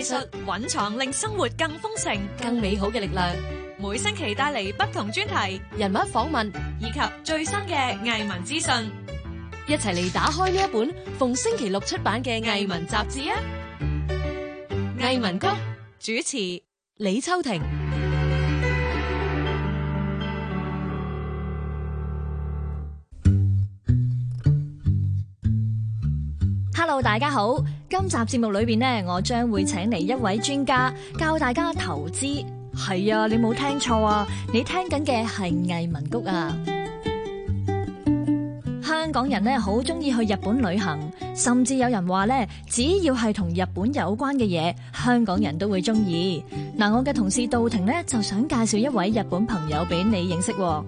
藝術蘊藏令生活更豐盛、更美好嘅力量，每星期帶嚟不同專題、人物訪問以及最新嘅藝文資訊，一齊嚟打開呢一本逢星期六出版嘅藝文雜誌啊！藝文谷主持李秋婷。大家好，今集節目裏邊呢，我將會請嚟一位專家教大家投資。係啊，你冇聽錯啊，你聽緊嘅係藝文谷啊。香港人咧，好中意去日本旅行，甚至有人話咧，只要係同日本有關嘅嘢，香港人都會中意。嗱，我嘅同事杜婷呢，就想介紹一位日本朋友俾你認識。我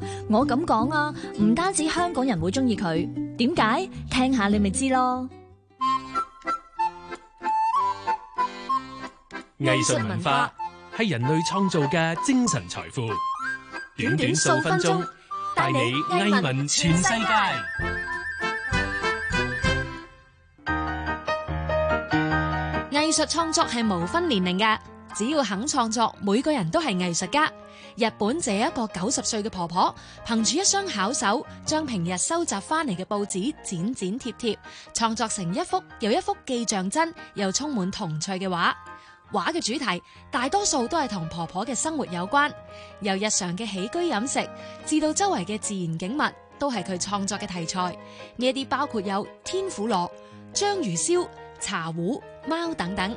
咁講啊，唔單止香港人會中意佢，點解？聽下你咪知咯。藝術文化係人類創造嘅精神財富。短短數分鐘帶你藝文全世界。藝術創作係無分年齡㗎，只要肯創作，每個人都係藝術家。日本呢一個九十歲嘅婆婆，憑住一雙巧手，將平日收集翻嚟嘅報紙剪剪貼貼，創作成一幅又一幅既像真又充滿童趣嘅畫。畫嘅主題大多數都係同婆婆嘅生活有關，由日常嘅起居飲食，至到周圍嘅自然景物，都係佢創作嘅題材。呢啲包括有天婦羅、章魚燒、茶壺、貓等等。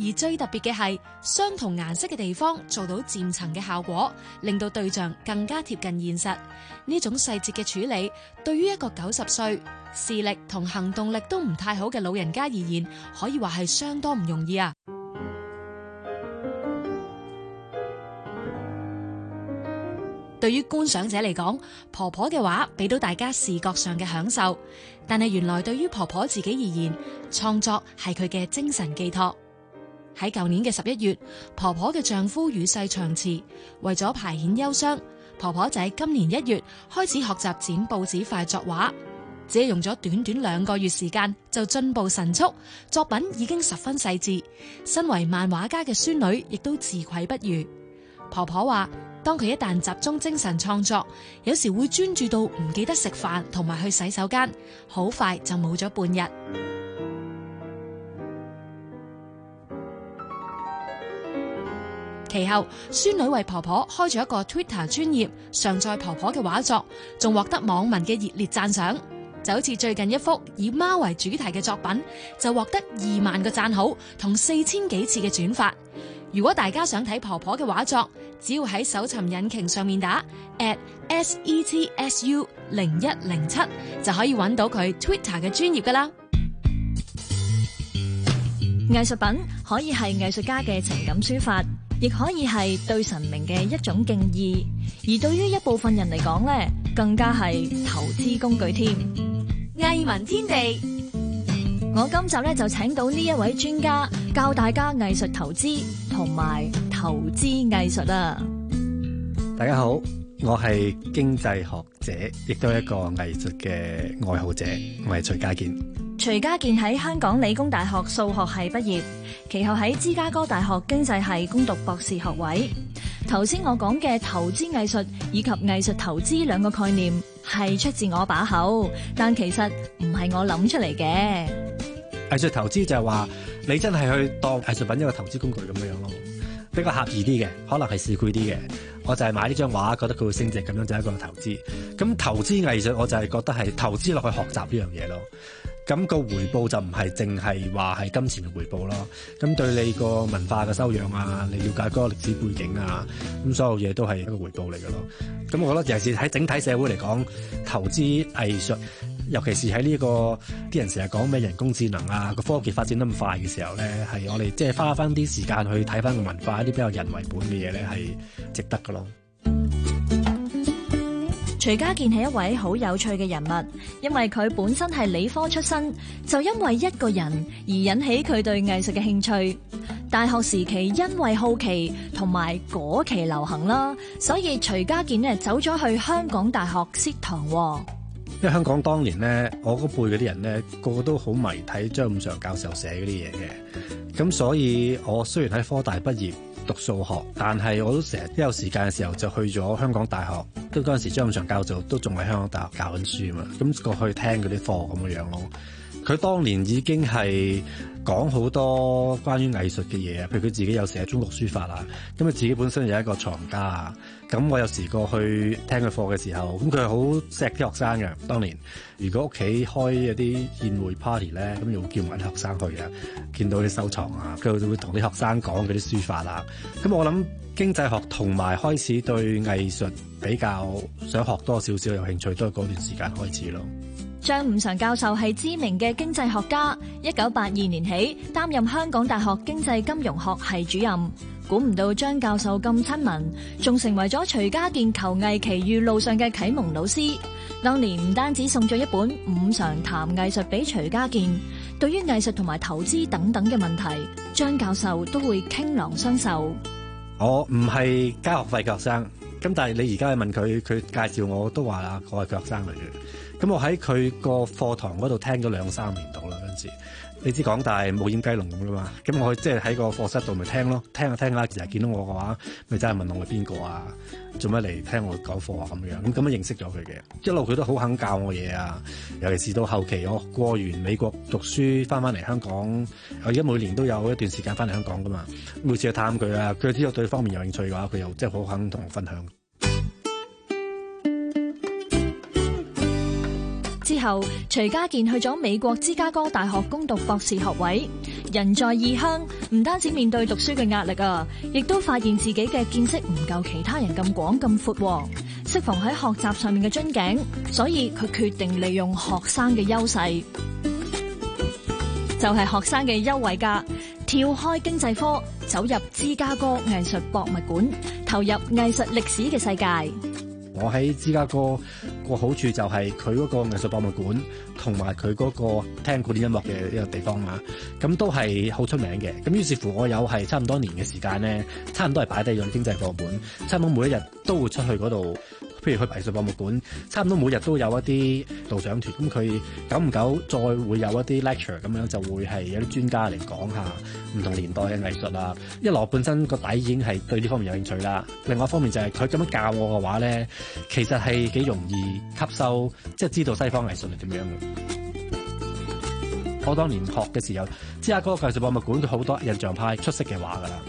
而最特別嘅係，相同顏色嘅地方做到漸層嘅效果，令到對象更加貼近現實。呢種細節嘅處理，對於一個九十歲視力同行動力都唔太好嘅老人家而言，可以話係相當唔容易啊。對於觀賞者嚟講，婆婆嘅畫俾到大家視覺上嘅享受，但係原來對於婆婆自己而言，創作係佢嘅精神寄託。喺舊年嘅十一月，婆婆嘅丈夫與世長辭。為咗排遣憂傷，婆婆仔今年一月開始學習剪報紙快作畫。只係用咗短短兩個月時間就進步神速，作品已經十分細緻。身為漫畫家嘅孫女，亦都自愧不如。婆婆話：當佢一旦集中精神創作，有時會專注到唔記得食飯同埋去洗手間，好快就冇咗半日。其後，孫女為婆婆開咗一個 Twitter 專頁，上載婆婆嘅畫作，仲獲得網民嘅熱烈讚賞。就好似最近一幅以貓為主題嘅作品，就獲得二萬個讚好同四千幾次嘅轉發。如果大家想睇婆婆嘅畫作，只要喺搜尋引擎上面打 at s e t s u 零一零七，就可以揾到佢 Twitter 嘅專頁㗎喇。藝術品可以係藝術家嘅情感抒發。亦可以係對神明嘅一種敬意，而對於一部分人嚟講咧，更加係投資工具添。藝文天地，我今集咧就請到呢一位專家教大家藝術投資同埋投資藝術啊！大家好，我係經濟學者，亦都係一個藝術嘅愛好者，我係徐家健。徐家健喺香港理工大學數學系畢業，其後喺芝加哥大學經濟系攻讀博士學位。頭先我講嘅投資藝術以及藝術投資兩個概念係出自我把口，但其實唔係我諗出嚟嘅。藝術投資就係話你真係去當藝術品一個投資工具咁樣樣咯，比較合意啲嘅，可能係市儈啲嘅。我就係買呢張畫，覺得佢會升值，咁樣就係一個投資。咁投資藝術，我就係覺得係投資落去學習呢樣嘢咯。咁個回報就唔係淨係話係金錢嘅回報咯。咁對你個文化嘅修養啊，你了解嗰個歷史背景啊，咁所有嘢都係一個回報嚟嘅咯。咁我覺得尤其是喺整體社會嚟講，投資藝術，尤其是喺呢個啲人成日講咩人工智能啊，個科技發展得咁快嘅時候咧，係我哋即係花翻啲時間去睇翻個文化一啲比較人為本嘅嘢咧，係值得㗎咯。徐家健係一位好有趣嘅人物，因為佢本身係理科出身，就因為一個人而引起佢對藝術嘅興趣。大學時期因為好奇同埋嗰期流行啦，所以徐家健走咗去香港大學師堂。因為香港當年呢，我嗰輩嗰啲人呢，個個都好迷睇張五常教授寫嗰啲嘢嘅，咁所以我雖然喺科大畢業。讀數學，但係我都成日都有時間嘅時候就去咗香港大學，都嗰陣時張五常教授都仲喺香港大學教緊書啊嘛，咁過去聽嗰啲課咁嘅樣咯。佢當年已經係講好多關於藝術嘅嘢，譬如佢自己有寫中國書法啦，咁佢自己本身有一個藏家啊。咁我有時過去聽佢課嘅時候，咁佢係好錫啲學生嘅。當年如果屋企開一啲宴會 party 咧，咁又會叫埋啲學生去啊。見到啲收藏啊，佢就會同啲學生講嗰啲書法啦。咁我諗經濟學同埋開始對藝術比較想學多少少有興趣，都係嗰段時間開始咯。張五常教授係知名嘅經濟學家，一九八二年起擔任香港大學經濟金融學系主任。估唔到張教授咁親民，仲成為咗徐家健求藝奇遇路上嘅啟蒙老師。當年唔單止送咗一本《五常談藝術》俾徐家健，對於藝術同埋投資等等嘅問題，張教授都會傾囊相授。我唔係交學費學生，咁但係你而家問佢，佢介紹我都話啦，我係學生嚟嘅。咁我喺佢個課堂嗰度聽咗兩三年度啦嗰陣時，你知講大冒煙雞籠咁啦嘛，咁我即係喺個課室度咪聽咯，聽下聽啦，其實見到我嘅話，咪真係問我係邊個啊，做乜嚟聽我講課啊咁樣，咁咁樣認識咗佢嘅一路，佢都好肯教我嘢啊，尤其是到後期我過完美國讀書翻翻嚟香港，我而家每年都有一段時間翻嚟香港噶嘛，每次去探佢啊，佢又知道對方面有興趣嘅話，佢又即係好肯同我分享。之後，徐家健去咗美國芝加哥大學攻讀博士學位。人在異鄉，唔單止面對讀書嘅壓力啊，亦都發現自己嘅見識唔夠其他人咁廣咁闊。適逢喺學習上面嘅樽頸，所以佢決定利用學生嘅優勢，就係學生嘅優惠價，跳開經濟科，走入芝加哥藝術博物館，投入藝術歷史嘅世界。我喺芝加哥個好處就係佢嗰個藝術博物館同埋佢嗰個聽古典音樂嘅一個地方嘛，咁都係好出名嘅。咁於是乎我有係差唔多年嘅時間咧，差唔多係擺低咗經濟課本，差唔多每一日都會出去嗰度。譬如去藝術博物館，差唔多每日都有一啲導賞團。咁佢久唔久再會有一啲 lecture 咁樣，就會係有啲專家嚟講下唔同年代嘅藝術啦。一來本身個底已經係對呢方面有興趣啦，另外一方面就係佢咁樣教我嘅話咧，其實係幾容易吸收，即係知道西方藝術係點樣嘅。我當年學嘅時候，芝加哥個藝術博物館佢好多印象派出色嘅畫噶啦。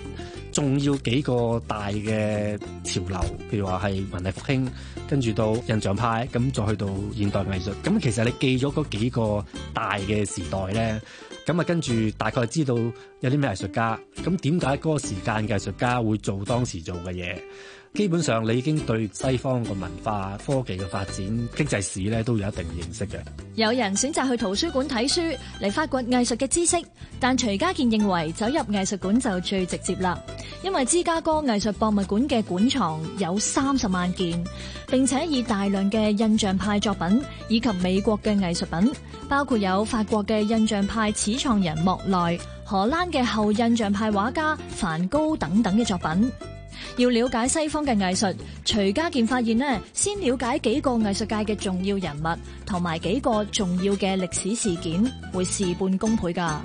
仲要幾個大嘅潮流，譬如話係文藝復興，跟住到印象派，咁再去到現代藝術。咁其實你記咗嗰幾個大嘅時代咧，咁啊跟住大概知道有啲咩藝術家，咁點解嗰個時間嘅藝術家會做當時做嘅嘢？基本上，你已經對西方嘅文化、科技嘅發展、經濟史咧都有一定認識嘅。有人選擇去圖書館睇書嚟發掘藝術嘅知識，但徐家健認為走入藝術館就最直接啦。因為芝加哥藝術博物館嘅館藏有三十萬件，並且以大量嘅印象派作品以及美國嘅藝術品，包括有法國嘅印象派始創人莫奈、荷蘭嘅後印象派畫家梵高等等嘅作品。要了解西方嘅藝術，徐家健發現呢，先了解幾個藝術界嘅重要人物同埋幾個重要嘅歷史事件，會事半功倍噶。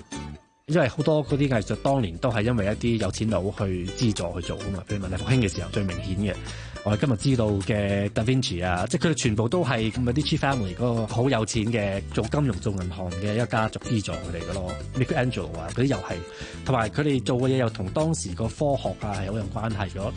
因為好多嗰啲藝術當年都係因為一啲有錢佬去資助去做噶嘛，譬如文藝復興嘅時候最明顯嘅。我哋今日知道嘅達芬奇啊，即係佢哋全部都係咁嘅啲 Medici family 個好有錢嘅做金融做銀行嘅一家族資助佢哋嘅咯，米開朗基羅啊，嗰啲 又係，同埋佢哋做嘅嘢又同當時個科學啊係好有關係嘅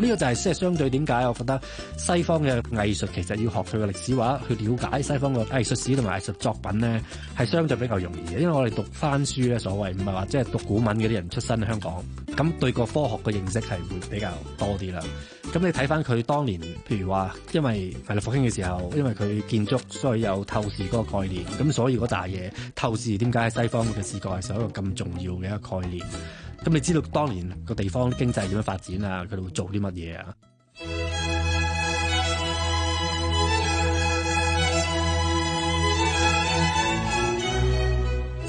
呢個就係即係相對點解？我覺得西方嘅藝術其實要學佢嘅歷史話去了解西方嘅藝術史同埋藝術作品咧，係相對比較容易嘅。因為我哋讀翻書咧，所謂唔係話即係讀古文嗰啲人出身在香港，咁對個科學嘅認識係會比較多啲啦。咁你睇翻佢當年，譬如話，因為係啦，復興嘅時候，因為佢建築需要有透視嗰個概念，咁所以嗰扎嘢透視點解西方嘅視覺係一個咁重要嘅一個概念。咁你知道當年個地方經濟點樣發展啊？佢哋會做啲乜嘢啊？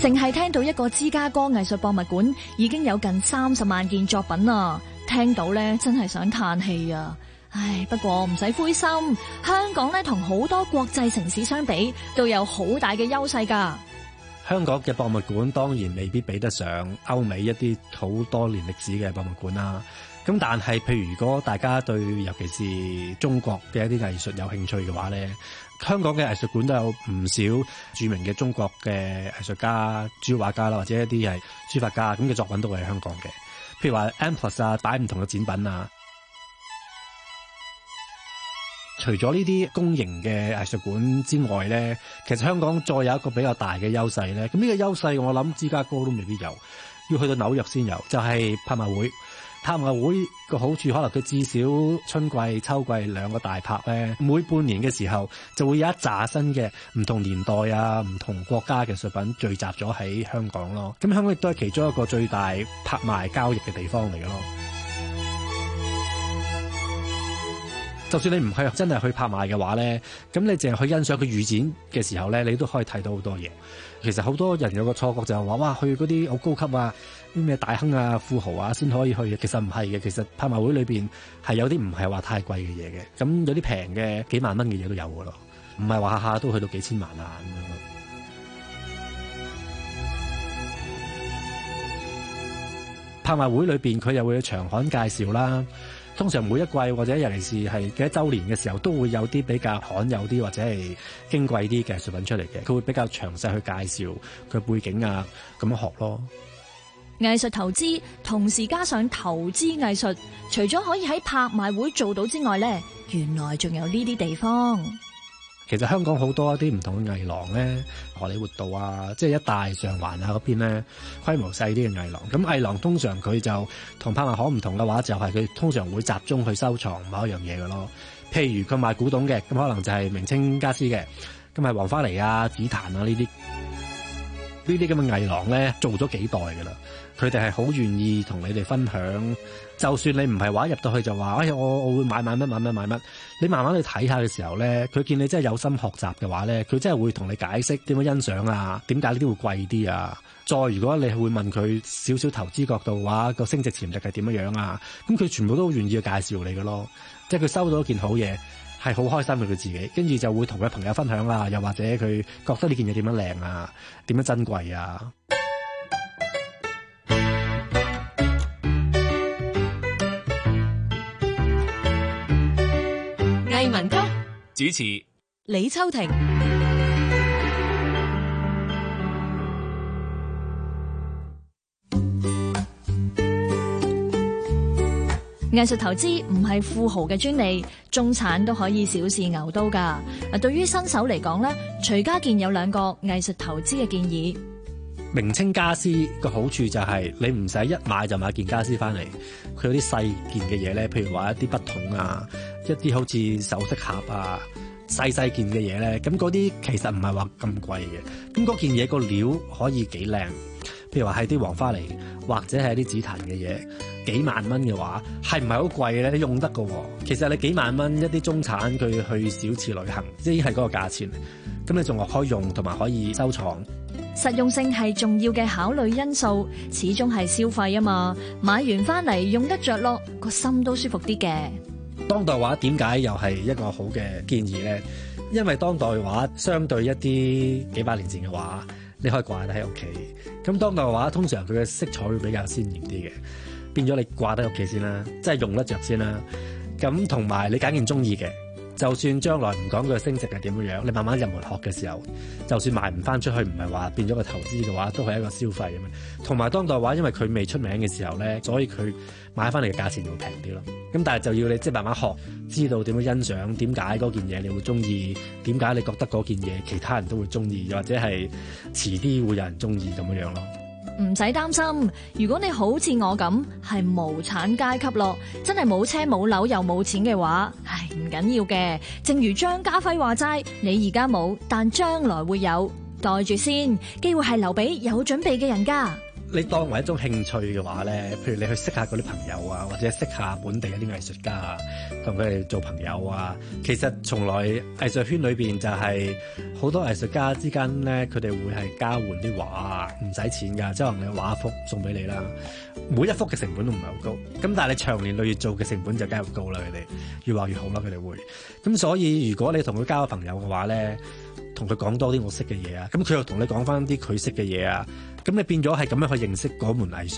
淨係聽到一個芝加哥藝術博物館已經有近三十萬件作品喇！聽到呢，真係想嘆氣啊！唉，不過唔使灰心，香港呢，同好多國際城市相比，都有好大嘅優勢㗎。香港嘅博物館當然未必比得上歐美一啲好多年歷史嘅博物館啦。咁但係，譬如如果大家對尤其是中國嘅一啲藝術有興趣嘅話咧，香港嘅藝術館都有唔少著名嘅中國嘅藝術家、書畫家啦，或者一啲係書法家咁嘅作品都會喺香港嘅。譬如話 M+ 啊，擺唔同嘅展品啊。除咗呢啲公營嘅藝術館之外咧，其實香港再有一個比較大嘅優勢咧，咁呢個優勢我諗芝加哥都未必有，要去到紐約先有，就係拍賣會。拍賣會個好處可能佢至少春季、秋季兩個大拍咧，每半年嘅時候就會有一紮新嘅唔同年代啊、唔同國家嘅藝術品聚集咗喺香港咯。咁香港亦都係其中一個最大拍賣交易嘅地方嚟嘅咯。就算你唔係真係去拍賣嘅話咧，咁你淨係去欣賞佢預展嘅時候咧，你都可以睇到好多嘢。其實好多人有個錯覺就係話，哇，去嗰啲好高級啊，啲咩大亨啊、富豪啊先可以去。其實唔係嘅，其實拍賣會裏面係有啲唔係話太貴嘅嘢嘅。咁有啲平嘅幾萬蚊嘅嘢都有嘅咯，唔係話下下都去到幾千萬啊咁樣。拍賣會裏面，佢又會有長刊介紹啦。通常每一季或者尤其是係幾多周年嘅時候，都會有啲比較罕有啲或者係矜貴啲嘅藝術品出嚟嘅。佢會比較詳細去介紹佢背景啊，咁樣學咯。藝術投資同時加上投資藝術，除咗可以喺拍賣會做到之外咧，原來仲有呢啲地方。其實香港好多一啲唔同嘅藝廊咧，荷里活道啊，即係一大上環啊嗰邊咧，規模細啲嘅藝廊。咁藝廊通常佢就同拍賣行唔同嘅話，就係佢通常會集中去收藏某一樣嘢嘅咯。譬如佢賣古董嘅，咁可能就係明清家私嘅，咁係黃花梨啊、紫檀啊呢啲呢啲咁嘅藝廊咧，做咗幾代噶啦。佢哋係好願意同你哋分享，就算你唔係話入到去就話，哎呀，我我會買買乜買乜買乜，你慢慢去睇下嘅時候咧，佢見你真係有心學習嘅話咧，佢真係會同你解釋點樣欣賞啊，點解呢啲會貴啲啊。再如果你會問佢少少投資角度嘅話，個升值潛力係點樣樣啊，咁佢全部都好願意介紹你嘅咯。即係佢收到一件好嘢，係好開心佢自己，跟住就會同佢朋友分享啊，又或者佢覺得呢件嘢點樣靚啊，點樣珍貴啊。主持李秋婷，藝術投資唔係富豪嘅專利，中產都可以小試牛刀㗎。啊，對於新手嚟講咧，徐家健有兩個藝術投資嘅建議。明清家私個好處就係、是、你唔使一買就買件家私翻嚟，佢有啲細件嘅嘢咧，譬如話一啲筆筒啊。一啲好似首飾盒啊，細細件嘅嘢咧，咁嗰啲其實唔係話咁貴嘅。咁嗰件嘢個料可以幾靚，譬如話係啲黃花梨或者係啲紫檀嘅嘢，幾萬蚊嘅話係唔係好貴咧？你用得噶，其實你幾萬蚊一啲中產，佢去少次旅行，即係嗰個價錢，咁你仲可以用同埋可以收藏。實用性係重要嘅考慮因素，始終係消費啊嘛。買完翻嚟，用得着咯，個心都舒服啲嘅。當代畫點解又係一個好嘅建議呢？因為當代畫相對一啲幾百年前嘅畫，你可以掛得喺屋企。咁當代畫通常佢嘅色彩會比較鮮豔啲嘅，變咗你掛得屋企先啦，即係用得着先啦。咁同埋你揀件中意嘅，就算將來唔講佢嘅升值係點樣樣，你慢慢入門學嘅時候，就算賣唔翻出去，唔係話變咗個投資嘅話，都係一個消費咁樣。同埋當代嘅話，因為佢未出名嘅時候呢，所以佢買翻嚟嘅價錢就會平啲咯。咁但係就要你即係慢慢學，知道點樣欣賞，點解嗰件嘢你會中意，點解你覺得嗰件嘢其他人都會中意，或者係遲啲會有人中意咁樣樣咯。唔使擔心，如果你好似我咁係無產階級咯，真係冇車冇樓又冇錢嘅話，唉唔緊要嘅。正如張家輝話齋，你而家冇，但將來會有，袋住先，機會係留俾有準備嘅人㗎。你當為一種興趣嘅話咧，譬如你去識下嗰啲朋友啊，或者識下本地一啲藝術家啊，同佢哋做朋友啊。其實從來藝術圈裏邊就係好多藝術家之間咧，佢哋會係交換啲畫啊，唔使錢㗎，即係我哋畫一幅送俾你啦。每一幅嘅成本都唔係好高，咁但係你長年累月做嘅成本就更加高啦。佢哋越畫越好啦，佢哋會。咁所以如果你同佢交朋友嘅話咧，同佢講多啲我識嘅嘢啊，咁佢又同你講返啲佢識嘅嘢啊，咁你變咗係咁樣去認識嗰門藝術。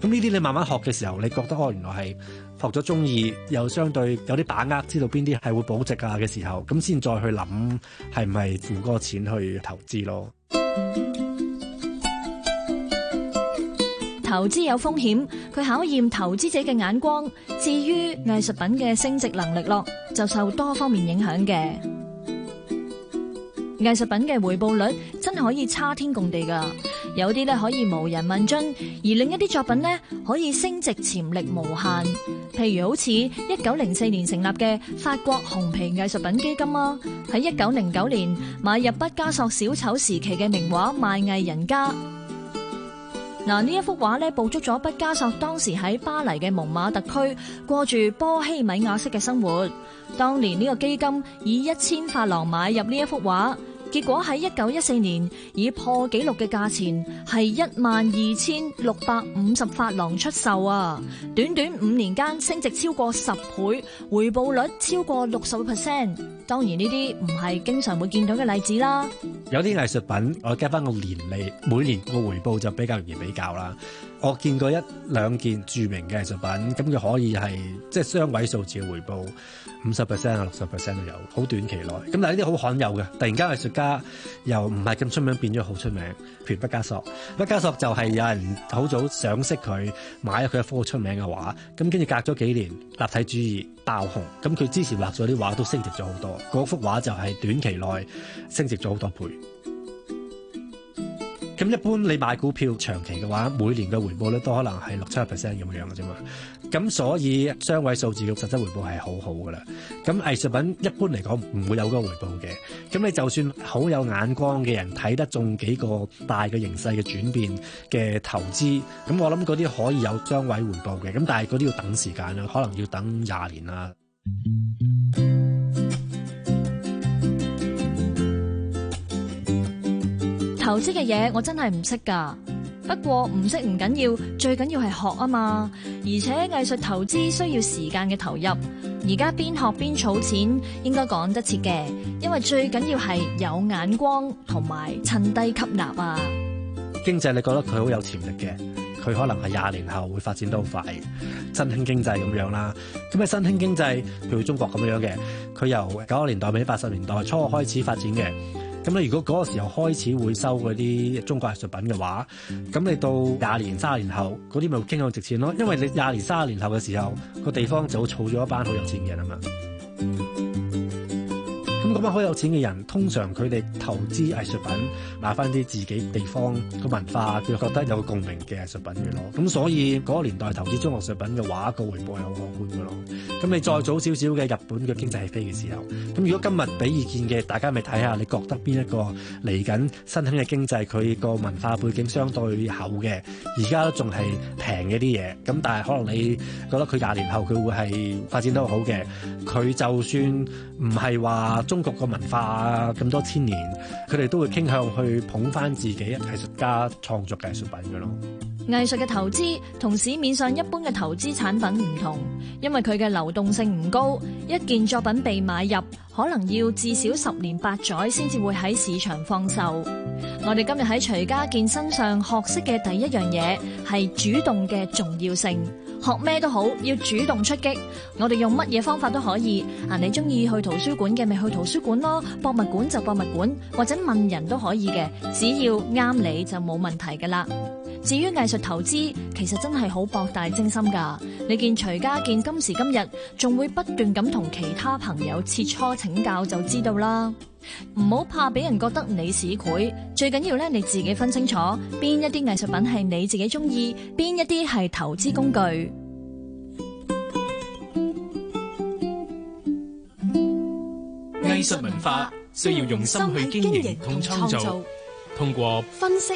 咁呢啲你慢慢學嘅時候，你覺得哦，原來係學咗鍾意，又相對有啲把握，知道邊啲係會保值啊嘅時候，咁先再去諗係咪付嗰個錢去投資咯。投資有風險，佢考驗投資者嘅眼光。至於藝術品嘅升值能力咯，就受多方面影響嘅。藝術品嘅回報率真係可以差天共地噶，有啲咧，可以無人問津，而另一啲作品呢，可以升值潛力無限。譬如好似一九零四年成立嘅法國紅皮藝術品基金啦，喺一九零九年買入畢加索小丑時期嘅名畫《賣藝人家》。嗱，呢一幅畫咧，捕捉咗畢加索當時喺巴黎嘅蒙馬特區過住波希米亞式嘅生活。當年呢個基金以一千法郎買入呢一幅畫。結果喺一九一四年以破紀錄嘅價錢係一萬二千六百五十法郎出售啊！短短五年間升值超過十倍，回報率超過六十個 percent。當然呢啲唔係經常會見到嘅例子啦。有啲藝術品，我加翻個年利，每年個回報就比較容易比較啦。我見過一兩件著名嘅藝術品，咁佢可以係即係雙位數字嘅回報，五十 percent 啊六十 percent 都有，好短期內。咁但係呢啲好罕有嘅，突然間藝術家又唔係咁出名，變咗好出名。譬如畢加索，畢加索就係有人好早賞識佢，買咗佢一幅好出名嘅畫。咁跟住隔咗幾年，立體主義爆紅，咁佢之前畫咗啲畫都升值咗好多，嗰幅畫就係短期內升值咗好多倍。咁一般你買股票長期嘅話，每年嘅回報率都可能係六七個 percent 咁樣嘅啫嘛。咁所以雙位數字嘅實質回報係好好噶啦。咁藝術品一般嚟講唔會有嗰個回報嘅。咁你就算好有眼光嘅人睇得中幾個大嘅形勢嘅轉變嘅投資，咁我諗嗰啲可以有雙位回報嘅。咁但係嗰啲要等時間啦，可能要等廿年啦。投資嘅嘢，我真係唔識噶不過唔識唔緊要，最緊要係學啊嘛。而且藝術投資需要時間嘅投入，而家邊學邊儲錢應該講得切嘅，因為最緊要係有眼光同埋趁低吸納啊。經濟你覺得佢好有潛力嘅，佢可能係廿年後會發展得好快，新興經濟咁樣啦。咁嘅新興經濟，譬如中國咁樣嘅，佢由九十年代比八十年代初開始發展嘅。咁你如果嗰個時候開始會收嗰啲中國藝術品嘅話，咁你到廿年、三十年後嗰啲咪傾向值錢咯，因為你廿年、三十年後嘅時候，個地方就儲咗一班好有錢嘅人啊嘛。咁樣好有錢嘅人，通常佢哋投資藝術品，買翻啲自己地方個文化，佢覺得有個共鳴嘅藝術品嘅咯。咁所以嗰個年代投資中國藝術品嘅話，個回報係好可觀嘅咯。咁你再早少少嘅日本嘅經濟起飛嘅時候，咁如果今日俾意見嘅，大家咪睇下你覺得邊一個嚟緊新興嘅經濟佢個文化背景相對厚嘅，而家仲係平嘅啲嘢。咁但係可能你覺得佢廿年後佢會係發展得好嘅，佢就算唔係話中。中國嘅文化啊咁多千年，佢哋都會傾向去捧返自己的藝術家創作藝術品㗎囉。藝術嘅投資同市面上一般嘅投資產品唔同，因為佢嘅流動性唔高，一件作品被買入，可能要至少十年八載先至會喺市場放售。我哋今日喺徐家健身上學識嘅第一樣嘢係主動嘅重要性。學咩都好，要主動出擊。我哋用乜嘢方法都可以。啊，你中意去圖書館嘅咪去圖書館咯，博物館就博物館，或者問人都可以嘅，只要啱你就冇問題噶啦。至於藝術投資，其實真係好博大精深噶。你見徐家健今時今日，仲會不斷咁同其他朋友切磋請教，就知道啦。唔好怕俾人覺得你市儈，最緊要咧你自己分清楚，邊一啲藝術品係你自己中意，邊一啲係投資工具。藝術文化，文化需要用心去經營同創造，通過分析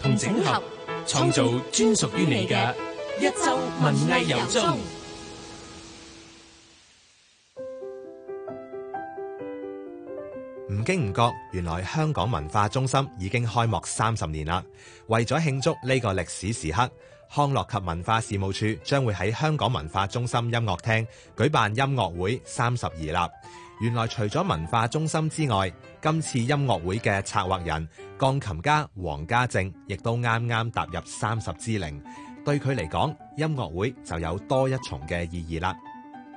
同整合，創造專屬於你嘅一周文藝遊蹤。唔經唔覺，原來香港文化中心已經開幕三十年啦。為咗慶祝呢個歷史時刻，康樂及文化事務處將會喺香港文化中心音樂廳舉辦音樂會三十而立。原來除咗文化中心之外，今次音樂會嘅策劃人、鋼琴家黃家正，亦都啱啱踏入三十之齡。對佢嚟講，音樂會就有多一重嘅意義啦。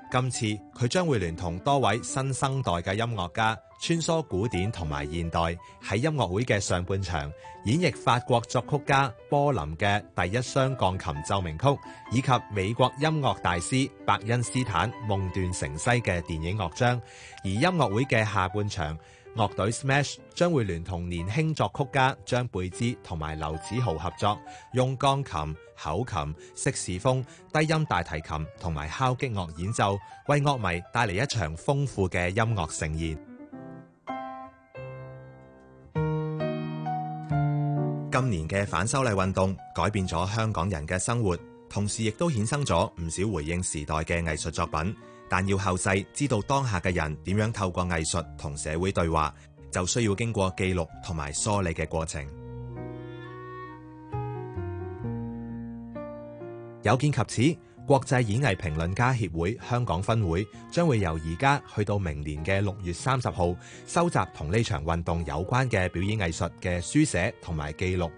今次佢將會聯同多位新生代嘅音樂家，穿梭古典同埋現代，喺音樂會嘅上半場演繹法國作曲家波林嘅第一雙鋼琴奏鳴曲，以及美國音樂大師伯恩斯坦《夢斷城西》嘅電影樂章。而音樂會嘅下半場，樂隊 Smash 將會聯同年輕作曲家張貝芝同埋劉子豪合作，用鋼琴、口琴、色士風、低音大提琴同埋敲擊樂演奏，為樂迷帶嚟一場豐富嘅音樂盛宴。今年嘅反修例運動改變咗香港人嘅生活，同時亦都衍生咗唔少回應時代嘅藝術作品。但要後世知道當下嘅人點樣透過藝術同社會對話，就需要經過記錄同埋梳理嘅過程。有見及此，國際演藝評論家協會香港分會將會由而家去到明年嘅六月三十號，收集同呢場運動有關嘅表演藝術嘅書寫同埋記錄，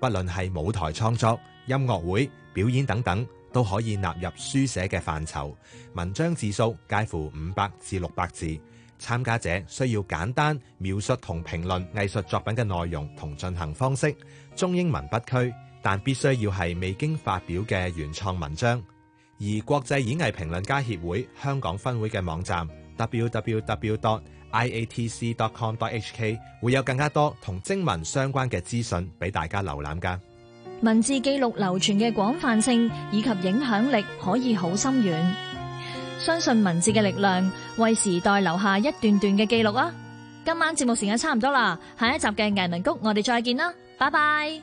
不論係舞台創作、音樂會、表演等等，都可以納入書寫嘅範疇，文章字數介乎五百至六百字。參加者需要簡單描述同評論藝術作品嘅內容同進行方式，中英文不拘，但必須要係未經發表嘅原創文章。而國際演藝評論家協會香港分會嘅網站 www.iatc.com.hk 會有更加多同徵文相關嘅資訊俾大家瀏覽㗎。文字記錄流傳嘅廣泛性以及影響力可以好深遠，相信文字嘅力量為時代留下一段段嘅記錄啊。今晚節目時間差唔多啦，下一集嘅藝文谷我哋再見啦，拜拜。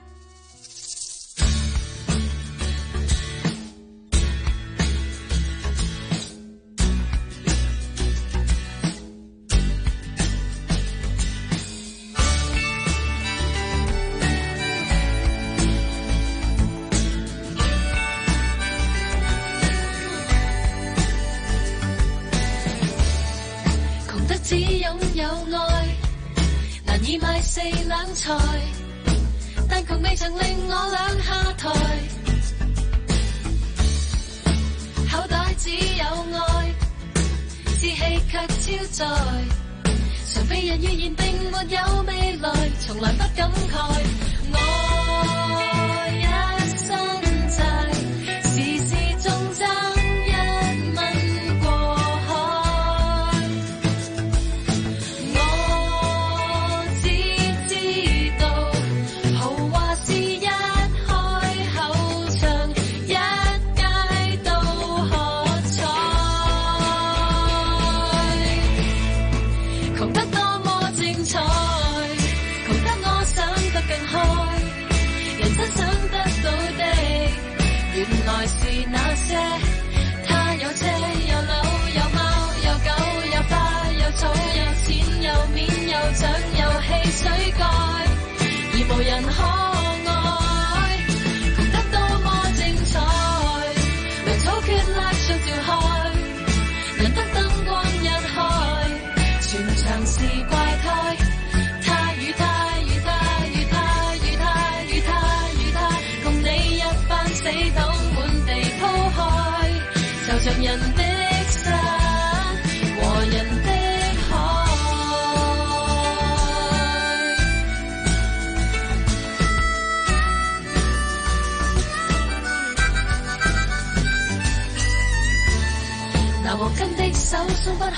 四冷菜，但窮未曾令我兩下台。口袋只有愛，志氣卻超載，常被人預言並沒有未來，從來不感慨。